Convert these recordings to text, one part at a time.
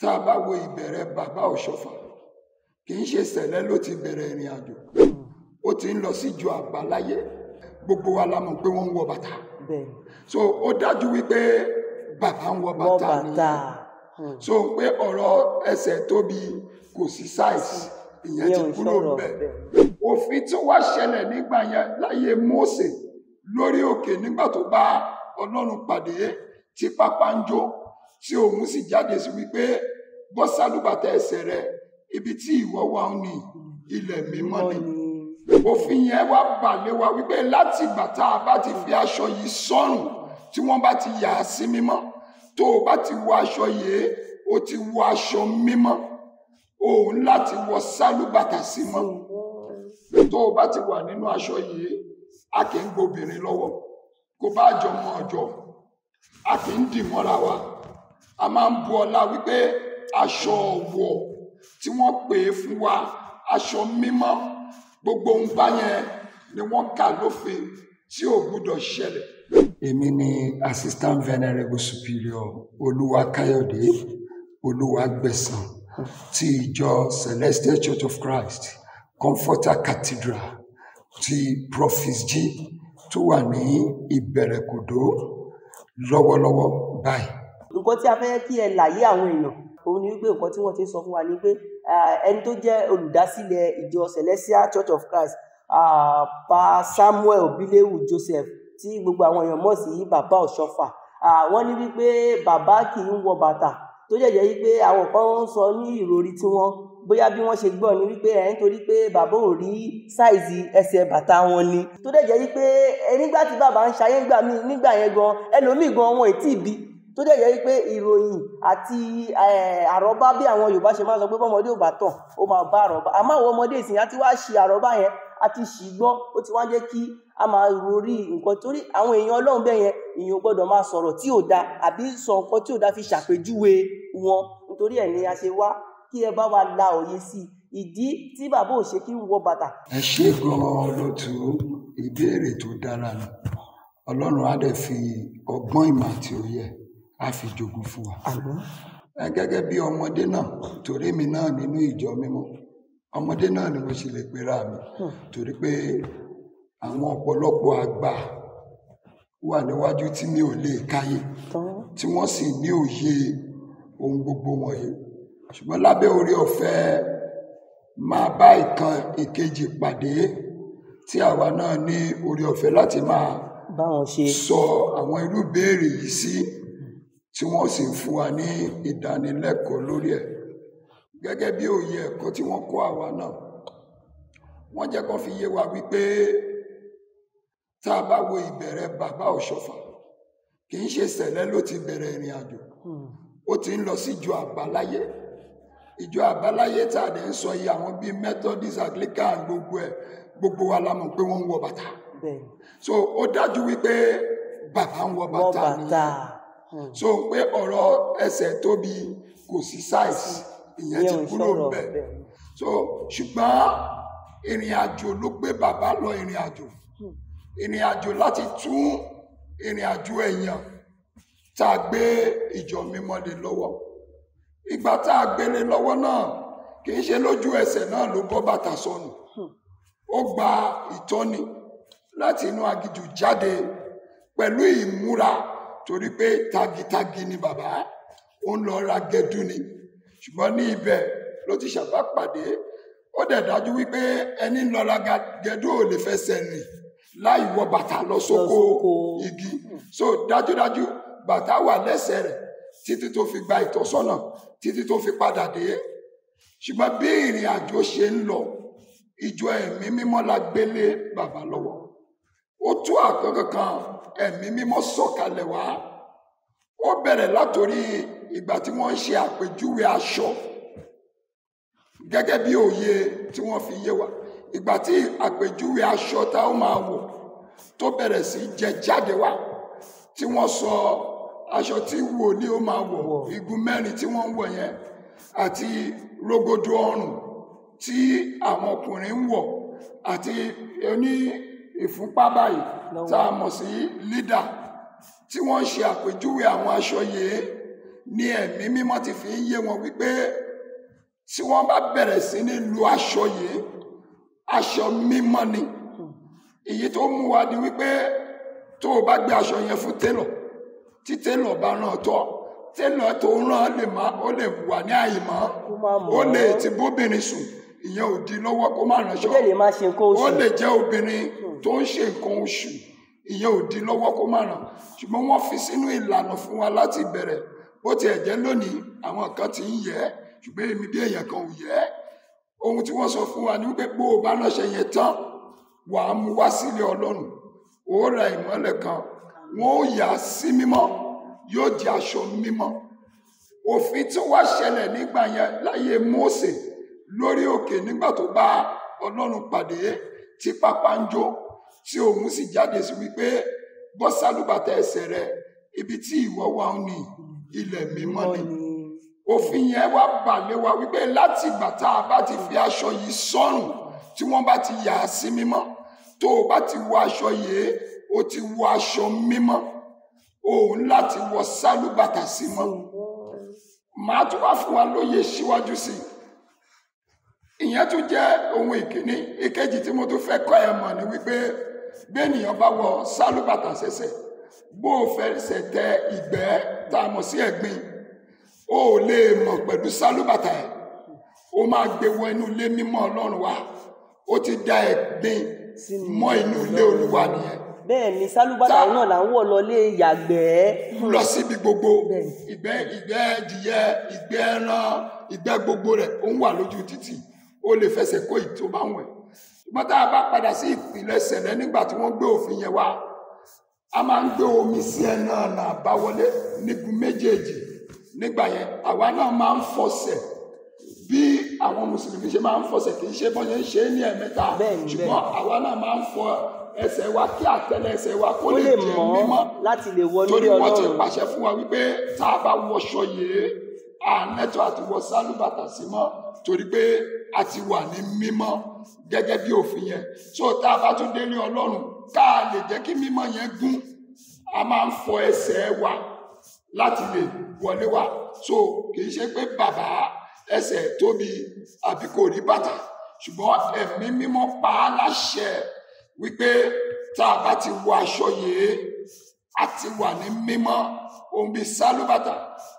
tá a bá wo ìbẹ̀rẹ̀ bàbá Ọ̀ṣọ́fà kì í ṣe sẹ̀lẹ́ ló ti bẹ̀rẹ̀ ìrìn àjò ó ti ń lọ síjọ àbáláyé gbogbo wa la mọ̀ pé wọ́n ń wọ bàtà so ó dájú wípé bàbá ń wọ bàtà ni hmm. so pé ọ̀rọ̀ ẹsẹ̀ tóbi kò sí size ìyẹn ti kúrò ńbẹ̀ òfin tó wá ṣẹlẹ̀ nígbà yẹn láyé Mósè lórí òkè nígbà tó bá Ọlọ́run pàdé tí pápá ń jó tí òun sì jáde sí wípé bọ́ sálúbàtà ẹsẹ̀ rẹ ibi tí ìwọ wà ń ní ilẹ̀ mímọ́ ni òfin yẹn wá bà lé wa wípé láti ìgbà tá a bá ti fi aṣọ yìí sọ́rùn tí wọ́n bá ti yà á sí mímọ́ tó o bá ti wọ aṣọ yìí o ti wọ aṣọ mímọ́ o ń láti wọ sálúbàtà sí mọ́ tó o bá ti wà nínú aṣọ yìí a kì í gbobìnrin lọ́wọ́ kó bá jọ mọ́ ọjọ́ a kì í dì mọ́ra wa a máa ń bu ọlá wípé aṣọ ọ̀wọ̀ tí wọ́n pè é fún wa aṣọ mímọ́ gbogbo ń bá yẹn ni wọ́n kà lófin tí ò gbúdọ̀ ṣẹlẹ̀. èmi ni assistant venerable superior olúwa káyọ̀dé olúwa gbẹ̀sán ti ìjọ celestial church of christ comforter cathedral ti prophet g tó wà ní ìbẹ̀rẹ̀kòdó lọ́wọ́lọ́wọ́ báyìí nǹkan tí a fẹ́ kí ẹ làyé àwọn èèyàn òun ni wípé nǹkan tí wọ́n ti sọ fún wa ni pé ẹni tó jẹ́ olùdásílẹ̀ ìjọ Celestial Church of Christ pa Samuel Obilewu Joseph tí gbogbo àwọn èèyàn mọ̀ sí bàbá Ọ̀ṣọ́fà wọ́n ní wípé bàbá kì í wọ bàtà tó jẹ̀jẹ̀ wípé àwọn kan ń sọ ní ìròrí tí wọ́n bóyá bí wọ́n ṣe gbọ́ ni wípé ẹ̀ ń torí pé bàbá ò rí sáìzì ẹsẹ̀ bàtà wọn ni tó dẹ̀ jẹ́ wípé nígbà tí bàbá ń ṣayé nígbà míì nígbà yẹn gan ẹlòmíì gan wọn ì tí ì bí tó dẹ̀ yẹ pé ìròyìn àti àrọ́bá bí àwọn Yorùbá ṣe máa sọ pé bọ́mọdé ò bá tàn ó máa bá àrọ́bá àmọ́ àwọn ọmọdé ìsìn àti wá ṣe àrọ́bá yẹn àti ṣì gbọ́ ó ti wá jẹ́ kí a máa rorí nǹkan torí àwọn èèyàn Ọlọ́run bẹ́ẹ̀ yẹn èèyàn gbọ́dọ̀ máa sọ̀rọ̀ tí ò da àbí sọ nǹkan tí ò da fi ṣàpèjúwe wọn nítorí ẹ̀ ni a ṣe wá kí ẹ bá wa la òye sí ìdí tí bàbá ò ṣe kí ń wọ bàtà. ẹ ṣe gan-an ló tu ìbéèrè tó dára Ọlọ́run á dẹ̀ fi ọgbọ́n ìmọ̀ àti òye á fi jogún fún wa. gẹ́gẹ́ bí ọmọdé náà torí mi náà nínú ìjọ mímọ́ ọmọdé náà ni mo ṣe lè pera mi hmm. torí pé àwọn ọ̀pọ̀lọpọ̀ àgbà wà níwájú tí mi ò lè káyé tí wọ́n sì ní òye ohun gbogbo wọ̀nyí ṣùgbọ́n lábẹ́ orí ọ̀fẹ́ máa bá ìkan ìkejì pàdé tí àwa náà ní orí ọ̀fẹ́ láti máa sọ àwọn irú béèrè yìí sí tí wọ́n sì ń fún wa ní ìdánilẹ́kọ̀ọ́ lórí ẹ̀ gẹ́gẹ́ bí òye ẹ̀kọ́ tí wọ́n kọ́ àwa náà wọ́n jẹ́ kó fi yé wa wípé tá a bá wo ìbẹ̀rẹ̀ bàbá Ọ̀ṣọ́fà kì í ṣe sẹ̀lẹ́ ló ti bẹ̀rẹ̀ ìrìn àjò ó ti ń lọ sí ìjọ àbáláyé ìjọ àbáláyé tá a dẹ̀ ń sọ yìí àwọn bíi Methodist Anglican gbogbo ẹ̀ gbogbo wa la mọ̀ pé wọ́n ń wọ bàtà so ó dájú wípé bàbá ń wọ bàtà ni. Hmm. so pé ọ̀rọ̀ ẹsẹ̀ tóbi kò sí size ìyẹn ti kúrò ńbẹ̀ so ṣùgbọ́n ìrìn àjò ló gbé bàbá lọ ìrìn àjò hmm. ìrìn àjò láti tún ìrìn àjò èèyàn tá a gbé ìjọ mímọ́ lé lọ́wọ́ ìgbà tá a gbélé lọ́wọ́ náà kì í ṣe lójú ẹsẹ̀ náà ló bọ́ bàtà sọnù hmm. ó gba ìtọ́ni láti inú agijù jáde pẹ̀lú ìmúra torí pé tagitagi ni bàbá ó ń lọ ra gẹdú ni ṣùgbọ́n ní ibẹ̀ ló ti ṣàbá pàdé ó dẹ̀ dájú wípé ẹni ń lọ ra gẹdú ò lè fẹsẹ̀ rìn láì wọ bàtà lọ sóko igi so dájúdájú bàtà wà lẹ́sẹ̀ rẹ̀ títí tó fi gba ìtọ́sọ́nà títí tó fi padà dé ṣùgbọ́n bí ìrìn àjò ṣe ń lọ ìjọ ẹ̀mí mímọ́ la gbélé bàbá lọ́wọ́ ó tú àgbọn kan ẹ̀mí mímọ́ sọ̀kalẹ̀ wá ó bẹ̀rẹ̀ látòrí ìgbà tí wọ́n ń ṣe àpèjúwe aṣọ gẹ́gẹ́ bí òye tí wọ́n fi yé wa ìgbà tí àpèjúwe aṣọ tá ó máa wọ̀ tó bẹ̀rẹ̀ sí jẹ jáde wá tí wọ́n sọ aṣọ tí wòlíì ó máa wọ̀ igun mẹ́rin tí wọ́n ń wọ̀ yẹn àti rogodo ọrùn tí àwọn ọkùnrin ń wọ̀ àti oní ìfúnpá báyìí tá a mọ̀ sí leader tí wọ́n ń ṣe àpèjúwe àwọn aṣọ yìí ní ẹ̀mí mímọ́ ti fi ń yé wọn wípé tí wọ́n bá bẹ̀rẹ̀ sí ní lu aṣọ yìí aṣọ mímọ́ ni èyí tó mú wa di wípé tó o bá gbé aṣọ yẹn fún télọ̀ tí télọ̀ bá ràn tọ́ télọ̀ tó ràn lè má ó lè wà ní àyè mọ́ ó lè ti bóbìnrin sùn ìyẹn ò di lọ́wọ́ kó má ránṣọ ó lè jẹ́ obìnrin tó ń ṣe nǹkan oṣù ìyẹn ò di lọ́wọ́ kó má ràn ṣùgbọ́n wọ́n fi sínú ìlànà fún wa láti bẹ̀rẹ̀ bó tiẹ̀ jẹ́ lónìí àwọn kan ti ń yẹ ẹ́ ṣùgbọ́n èmi bí èèyàn kan ò yẹ ẹ́ ohun tí wọ́n sọ fún wa ni wípé bó o bá ránṣẹ́ yẹn tán wà á mú wá sílé ọlọ́run ó ra ìmọ́lẹ̀ kan wọ́n ó yà á sí mímọ́ yóò di aṣọ mímọ́ òfin tí wàá ṣẹlẹ̀ nígbà yẹn láyé Mósè lórí òkè nígbà tó bá ọlọ́run pàdé tí pápá ń jó tí òun sì jáde sí wípé bọ́ sálúbàtà ẹsẹ̀ rẹ ibi tí ìwọ wà ń ní ilẹ̀ mímọ́ ni òfin yẹn wá bà lé wa wípé láti ìgbà tá a bá ti fi aṣọ yìí sọ́rùn tí wọ́n bá ti yà á sí mímọ́ tó o bá ti wọ aṣọ yìí o ti wọ aṣọ mímọ́ òun láti wọ sálúbàtà sí mọ́ màá tún wá fún wa lóye síwájú sí i ìyẹn tún jẹ́ ohun ìkíní ìkejì tí mo tún fẹ́ kọ́ ẹ mọ̀ ni wípé gbẹ̀nìyàn bá wọ sálúbàtà ṣẹ̀ṣẹ̀ bó o fẹsẹ̀ tẹ ìgbẹ́ tá a mọ̀ sí ẹ̀gbin o ò lè mọ̀ pẹ̀lú sálúbàtà ẹ̀ o máa gbé wọ inú ilé mímọ́ ọlọ́run wa ó ti da ẹ̀gbin mọ́ inú ilé olúwa nìyẹn bẹ́ẹ̀ ni sálúbàtà náà là ń wọ̀ lọlé yàgbẹ́. lọ síbi gbogbo ìgbẹ́ ìgbẹ́ ẹdìyẹ ìgbẹ́ ẹran ìgbẹ́ gbogbo rẹ̀ ó ń wà lójú títì ó lè fẹsẹ̀ kó ìtò bá wọn ṣùgbọ́n tá a bá padà sí ìpìlẹ̀ ṣẹlẹ̀ nígbà tí wọ́n gbé òfin yẹn wá a máa ń gbé omi sí ẹnu ọ̀nà àbáwọlé nígun méjèèjì nígbà yẹn àwa náà máa ń fọsẹ̀ bí àwọn mùsùlùmí ṣe máa ń fọsẹ̀ kì í ṣe bọ́ yẹn ṣe é ní ẹ̀mẹ́ta ṣùgbọ́n àwa náà máa ń fọ ẹsẹ̀ wa kí àtẹlẹ ẹsẹ̀ wa kó lè jẹ́ mímọ́ torí wọ́n ti pàṣẹ fún wa wípé tá a bá wọṣọ yìí àlẹ́tọ̀ àti wọ sálúbàtà sí mọ́ torí pé a ti wà ní mímọ́ gẹ́gẹ́ bí òfin yẹn so tá a bá tún délé ọlọ́run ká a lè jẹ́ kí mímọ́ yẹn gún a máa ń fọ ẹsẹ̀ wa láti lè wọlé wa so kì í ṣe pé bàbá ẹsẹ̀ tóbi àbí kò rí bàtà ṣùgbọ́n ẹ̀mí mímọ́ pa á láṣẹ wípé tá a bá ti wọ aṣọ yìí àti wà ní mímọ́ ohun bíi sálúbàtà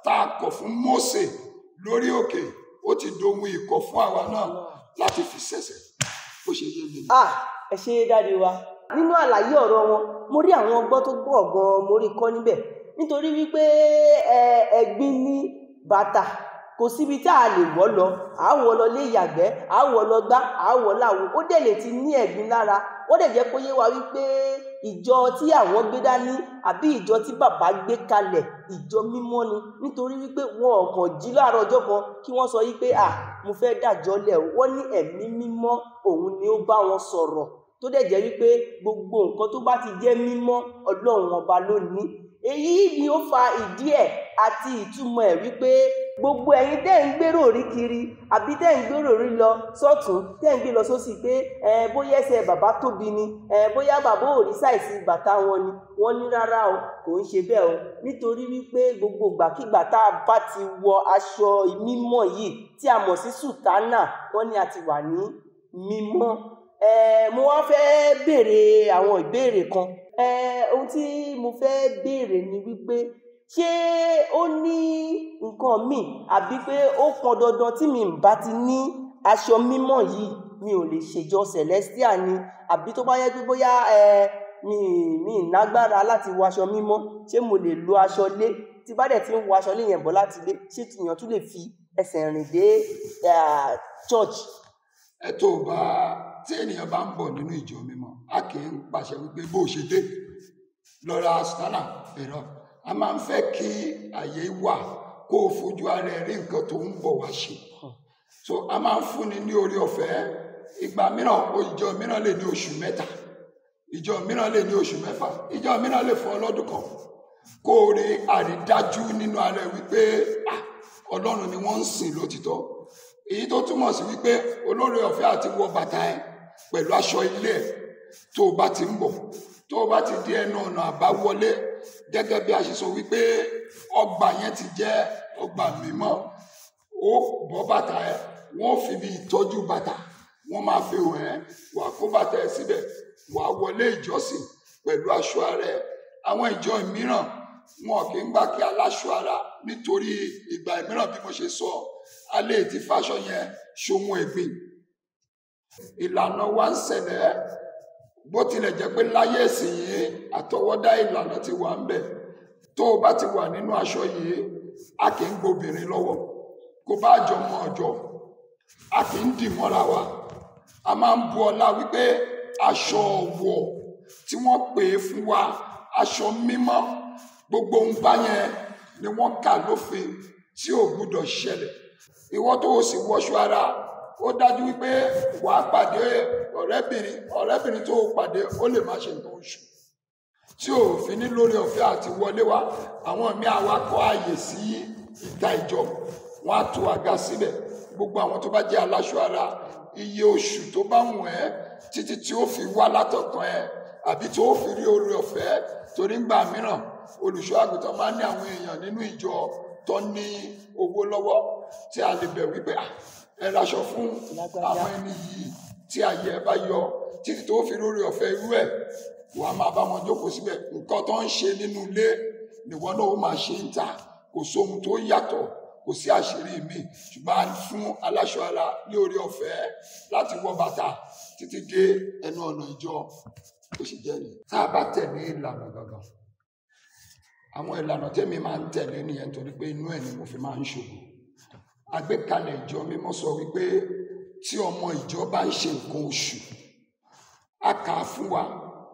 tá a kọ̀ fún Mósè lórí òkè ó ti dohun ìkọ̀ fún àwa náà láti fi ṣẹ̀ṣẹ̀ bó ṣe yé mi. Ah, ẹ ṣe é dáre wa nínú àlàyé ọ̀rọ̀ wọn mo rí àwọn ọgbọ́n tó gbọ̀ gan-an mo rí kọ́ níbẹ̀ nítorí wípé ẹ̀gbin ní bàtà kò síbi tá a lè wọ́ lọ àwọ̀ lọ lé yàgbẹ́ àwọ̀ lọ gbá àwọ̀ làwọ̀ ó dẹ̀ lè ti ní ẹ̀gbin lára ó dẹ̀ jẹ́ kó yé wa wípé ìjọ tí àwọn gbé dání àbí ìjọ tí bàbá gbé kalẹ̀ ìjọ mímọ́ ni nítorí wípé wọn ò kàn jí láàárọ̀ ọjọ́ kan kí wọ́n sọ wípé à mo fẹ́ dàjọ́ lẹ̀ wọ́n ní ẹ̀mí mímọ́ òun ni ó bá wọn sọ̀rọ̀ tó dẹ̀ jẹ́ wípé gbogbo nǹkan tó bá ti jẹ́ mímọ́ ọlọ́run ọba lónìí èyí ni ó fa ìdí ẹ̀ àti ìtumọ̀ ẹ̀ wípé gbogbo ẹ̀yin tẹ́ ń gbèrò rí kiri àbí tẹ́ ń gbèrò rí lọ sọ́tún tẹ́ ń gbé lọ sósì pé ẹ bóyá ẹsẹ̀ bàbá tóbi ni ẹ bóyá bàbá ò rí ṣàìsí bàtà wọn ni wọ́n ní rárá o kò ń ṣe bẹ́ẹ̀ o nítorí wípé gbogbo ìgbàkígbà tá a bá ti wọ aṣọ mímọ́ yìí tí a mọ̀ sí sùtánà wọ́n ní a ti wà ní mímọ́ ẹ mo wá fẹ́ béèrè àwọn ìbéèrè kan ẹ ohun tí mo fẹ́ béèrè ni wípé ṣé ó ní nǹkan míì àbí pé ó kan dandan tí mi bá ti ní aṣọ mímọ́ yìí mi ò lè ṣèjọ celestial ni àbí tó bá yẹ pé bóyá ẹ mi mi nágbára láti wọ aṣọ mímọ́ ṣé mo lè lo aṣọ lé tí bá dẹ̀ ti ń wọ aṣọ lé yẹn bọ̀ láti lé ṣé tìyàn tún lè fi ẹsẹ̀ rìn dé church. ẹ tó bá tí ènìyàn bá ń bọ̀ nínú ìjọ mímọ́ a kì í pàṣẹ wípé bó o ṣe dé lọ́ra sálà bẹ̀rẹ̀ ọ̀fẹ́ a máa ń fẹ́ kí àyè wà kó o fojú ara rí nǹkan tó ń bọ̀ wá ṣe so a máa ń fúnni ní orí ọ̀fẹ́ ìgbà mìíràn ìjọ mìíràn lè ní oṣù mẹ́ta ìjọ mìíràn lè ní oṣù mẹ́fà ìjọ mìíràn lè fún ọlọ́dún kan kó o rí àrídájú nínú ara wípé ọlọ́run ni wọ́n ń sìn lótìtọ́ èyí tó túmọ̀ sí wípé olóore ọ̀fẹ́ àti wọ bàtà ẹ pẹ̀lú aṣọ ilé ẹ tó o bá ti ń bọ̀ tó o bá ti di ẹnu ọ̀nà àbáwọlé gẹ́gẹ́ bí a ṣe sọ wípé ọgbà yẹn ti jẹ́ ọgbà mímọ́ ó bọ́ bàtà ẹ wọ́n fi bí ìtọ́jú bàtà wọ́n máa fi hàn ẹ́ wà kó bàtà ẹ síbẹ̀ wà wọlé ìjọsìn pẹ̀lú aṣọ ara ẹ àwọn ìjọ mìíràn wọn kì í gbà kí aláṣọ ara nítorí ìgbà mìíràn bí mo ṣe sọ alẹ́ ti fàṣọ yẹn ṣohun ẹ̀gbìn ìlànà wa ń ṣẹlẹ̀ bó tilẹ̀ jẹ́ pé láyé ìsìn yìí àtọwọ́dá ìlànà ti wà ń bẹ̀ tó o bá ti wà nínú aṣọ yìí a kì í gbobìnrin lọ́wọ́ kó bá jọ mọ ọjọ́ a kì í dì wa a máa ń bu ọlá wípé aṣọ ọ̀wọ̀ tí wọ́n pè é fún wa aṣọ mímọ́ gbogbo ń bá yẹn ni wọ́n kà lófin tí ò gbúdọ̀ ṣẹlẹ̀ ìwọ tó o sì wọṣọ ara ó dájú wípé wà á pàdé ọ̀rẹ́bìnrin ọ̀rẹ́bìnrin tó pàdé ó lè má ṣe nǹkan oṣù tí ò fi ní lórí ọ̀fẹ́ àti wọlé wa àwọn míì àwa kọ́ àyè sí ìta ìjọ wọn á tú àga sílẹ̀ gbogbo àwọn tó bá jẹ́ aláṣọ ara iye oṣù tó bá wù ẹ́ títí tí ó fi wá látọ̀kan ẹ àbí tó fi rí orí ọ̀fẹ́ torí ń gbà mìíràn olùṣọ́ àgùntàn máa ń ní àwọn èèyàn nínú ìjọ tó ní owó lọ́wọ́ tí a lè bẹ̀ wípé ẹ raṣọ fún àwọn ẹni yìí tí ayé ẹ bá yọ títí tó fi lórí ọ̀fẹ́ irú ẹ̀ wàá máa bá wọn jókòó síbẹ̀ nǹkan tó ń ṣe nínú ilé nìwọ náà ó máa ṣe ń ta kò sóhun tó yàtọ̀ kò sí àṣírí mi ṣùgbọ́n fún aláṣọ ara ní orí ọ̀fẹ́ láti wọ bàtà títí dé ẹnu ọ̀nà ìjọ ó sì jẹ́ ni tá a bá tẹ̀lé ìlànà gangan àwọn ìlànà tẹ́mi máa ń tẹ̀lé nìyẹn torí pé inú ẹ̀ ni mo fi máa ń ṣògo àgbékalẹ̀ ìjọ mímọ́ sọ wípé tí ọmọ ìjọ bá ń ṣe nǹkan oṣù a kà á fún wa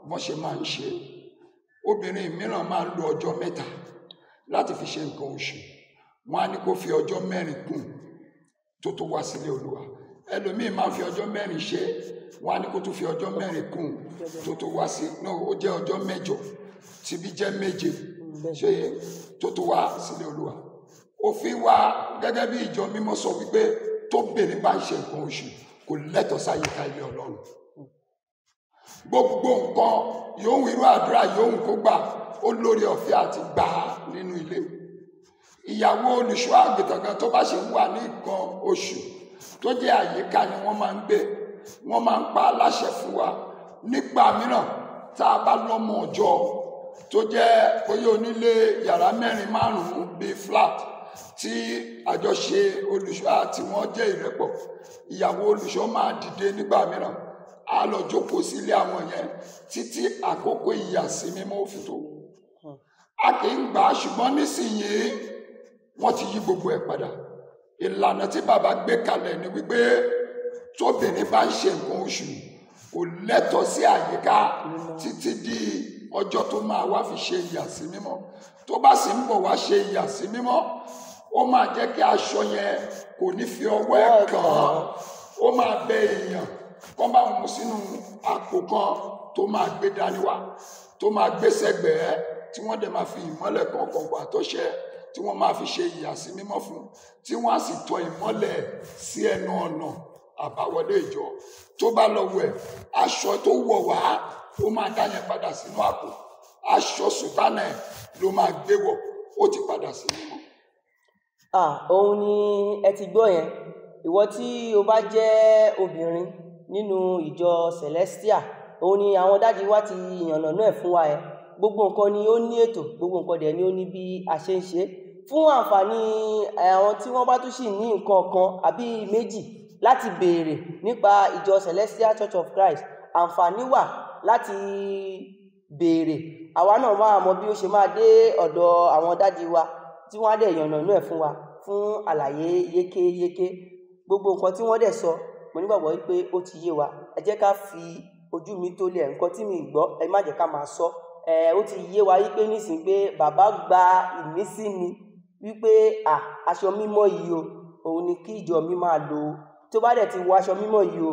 wọ́n ṣe máa ń ṣe obìnrin mìíràn máa ń lo ọjọ́ mẹ́ta láti fi ṣe nǹkan oṣù wọn á ní kó fi ọjọ́ mẹ́rin kùn tó tó wá sílé olúwa ẹlòmíín máa ń fi ọjọ́ mẹ́rin ṣe wọn á ní kó tó fi ọjọ́ mẹ́rin kùn tó tó wá sí náà ó jẹ́ ọjọ́ mẹ́jọ tìbí jẹ́ méje ṣe mm, tó tó wá sílé olúwa òfin wa gẹ́gẹ́ bí ìjọ mímọ́ sọ wípé tóbìnrin bá ń ṣe nǹkan oṣù kò lẹ́tọ̀ọ́ sáyé ká ilé ọlọ́run gbogbo nǹkan yòówù irú àdúrà yòówù kó gbà ó lórí ọ̀fẹ́ àti gbà á nínú ilé ìyàwó olùṣọ́ àgùntàn kan tó bá ṣe wà ní nǹkan oṣù tó jẹ́ àyíká ni wọ́n máa ń gbé wọ́n máa ń pa aláṣẹ fún wa nígbà mìíràn tá a bá lọ́mọ ọjọ́ tó jẹ́ oyè onílé yàrá mẹ́rin márùn-ún bíi flat tí àjọṣe olùṣọ́ àti wọ́n jẹ́ ìrẹ́pọ̀ ìyàwó olùṣọ́ máa dìde nígbà mìíràn á lọ jókòó sílé àwọn yẹn títí àkókò ìyàsímí mọ́ òfin tó a kì í gbà á ṣùgbọ́n nísìnyìí wọ́n ti yí gbogbo ẹ̀ padà ìlànà tí bàbá gbé kalẹ̀ ni wípé tóbìnrin bá ń ṣe nǹkan oṣù kò lẹ́tọ̀ọ́ sí àyíká títí di ọjọ́ tó máa wá fi ṣe ìyàsímímọ́ tó bá sì ń bọ̀ wá ṣe ìyàsímímọ́ ó máa jẹ́ kí aṣọ yẹn kò ní fi ọwọ́ ẹ̀ kàn án ó máa bẹ èèyàn kọ́ bá wọn mú sínú àpò kan tó máa gbé dání wá tó máa gbé sẹ́gbẹ̀ẹ́ tí wọ́n dẹ̀ máa fi ìmọ́lẹ̀ kan kọ̀ọ̀kan àtọ́ṣẹ́ tí wọ́n máa fi ṣe ìyàsí mímọ́ fún tí wọ́n á sì tọ ìmọ́lẹ̀ sí ẹnu ọ̀nà àbáwọlé ìjọ tó bá lọ wẹ̀ aṣọ tó wọ̀ wá ó máa dá yẹn padà sínú àpò aṣọ sùtánẹ̀ ló máa gbé wọ̀ ó ti padà sí ah òun ni ẹ ti gbọ́ yẹn ìwọ tí o bá jẹ́ obìnrin nínú ìjọ Celestial òun ni àwọn dájú wa ti yànnàná ẹ̀ fún wa yẹn gbogbo nǹkan ni ó ní ètò gbogbo nǹkan dẹ̀ ni ó ní bí a ṣe ń ṣe fún àǹfààní àwọn tí wọ́n bá tún sì ní nǹkan kan àbí méjì láti béèrè nípa ìjọ Celestial Church of Christ àǹfààní wà láti béèrè àwa náà máa mọ bí ó ṣe máa dé ọ̀dọ̀ àwọn dájú wa tí wọ́n á dẹ̀ yànnàná ẹ̀ fún wa fún àlàyé yékéyéké gbogbo nǹkan tí wọ́n dẹ̀ sọ mo nígbàgbọ́ wípé ó ti yé wa ẹ jẹ́ ká fi ojú mi tó lé ẹ̀ nǹkan tí mi gbọ́ ẹ má jẹ́ ká máa sọ ẹ ó ti yé wa wípé nísìnyí pé bàbá gba ìmísí mi wípé à aṣọ mímọ́ yìí o òun ni kí ìjọ mi máa lò ó tó bá dẹ̀ ti wọ aṣọ mímọ́ yìí o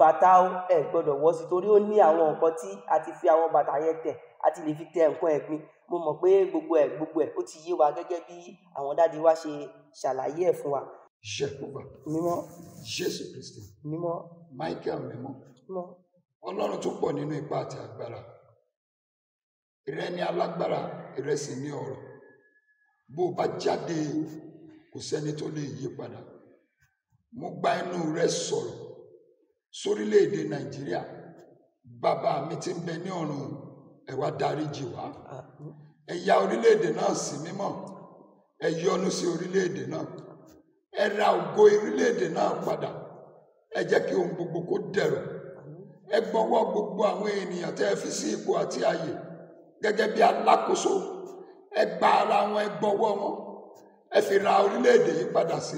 bàtà ẹ gbọ́dọ̀ wọ̀ sí torí ó ní àwọn nǹkan tí a ti fi àwọn bàtà yẹn tẹ̀ a ti lè fi tẹ nǹkan ẹ̀ pin mo mọ̀ pé gbogbo ẹ̀ gbogbo ẹ̀ ó ti yé wa gẹ́gẹ́ bí àwọn dáàdi wa ṣe ṣàlàyé ẹ̀ fún wa. jehovah mímọ́ jésù kristi mímọ́ michael mímọ́ mímọ́ ọlọ́run tó pọ̀ nínú ipá àti agbára ìrẹ ni alágbára ìrẹ sì ní ọ̀rọ̀ bó o bá jáde kò sẹ́ni tó lè yí padà mo gba ẹnu rẹ sọ̀rọ̀ sórílẹ̀-èdè nàìjíríà bàbá mi ti ń bẹ ní ọ̀run ẹ wá dáríjì wá ẹ ya orílẹ̀-èdè náà sí mímọ́ ẹ sí orílẹ̀-èdè náà ẹ ògo orílẹ̀-èdè náà padà kí ohun gbogbo kó dẹ̀rọ̀ ẹ gbogbo àwọn ènìyàn tẹ́ ẹ fi sí ipò àti ààyè gẹ́gẹ́ bí alákòóso ara wọn ẹ wọn fi ra orílẹ̀-èdè yìí padà sí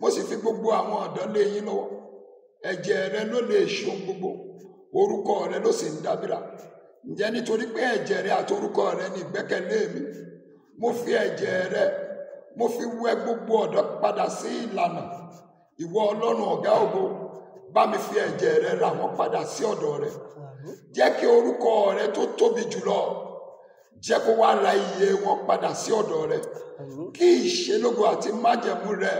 mo sì fi gbogbo àwọn ọ̀dọ́ lé yín lọ́wọ́ ẹ̀jẹ̀ rẹ ló lè gbogbo orúkọ rẹ ló sì ń ǹjẹ́ nítorí pé ẹ̀jẹ̀ rẹ àtorúkọ rẹ ní ìgbẹ́kẹ̀lé mi mo fi ẹ̀jẹ̀ rẹ mo fi wẹ gbogbo ọ̀dọ́ padà sí ìlànà ìwọ ọlọ́run ọ̀gá ògo bá mi fi ẹ̀jẹ̀ rẹ rà wọ́n padà sí ọ̀dọ̀ rẹ jẹ́ kí orúkọ rẹ tó tóbi jùlọ jẹ́ kó wá ra iye wọn padà sí ọ̀dọ̀ rẹ kí ìṣelógo àti májẹ̀mú rẹ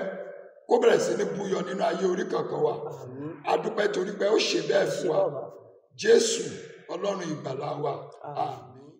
kó bẹ̀rẹ̀ sí ní buyọ nínú ayé orí kankan wa a torí pé ó ṣe bẹ́ẹ̀ fún Ọlọ́run ìgbàlà wa.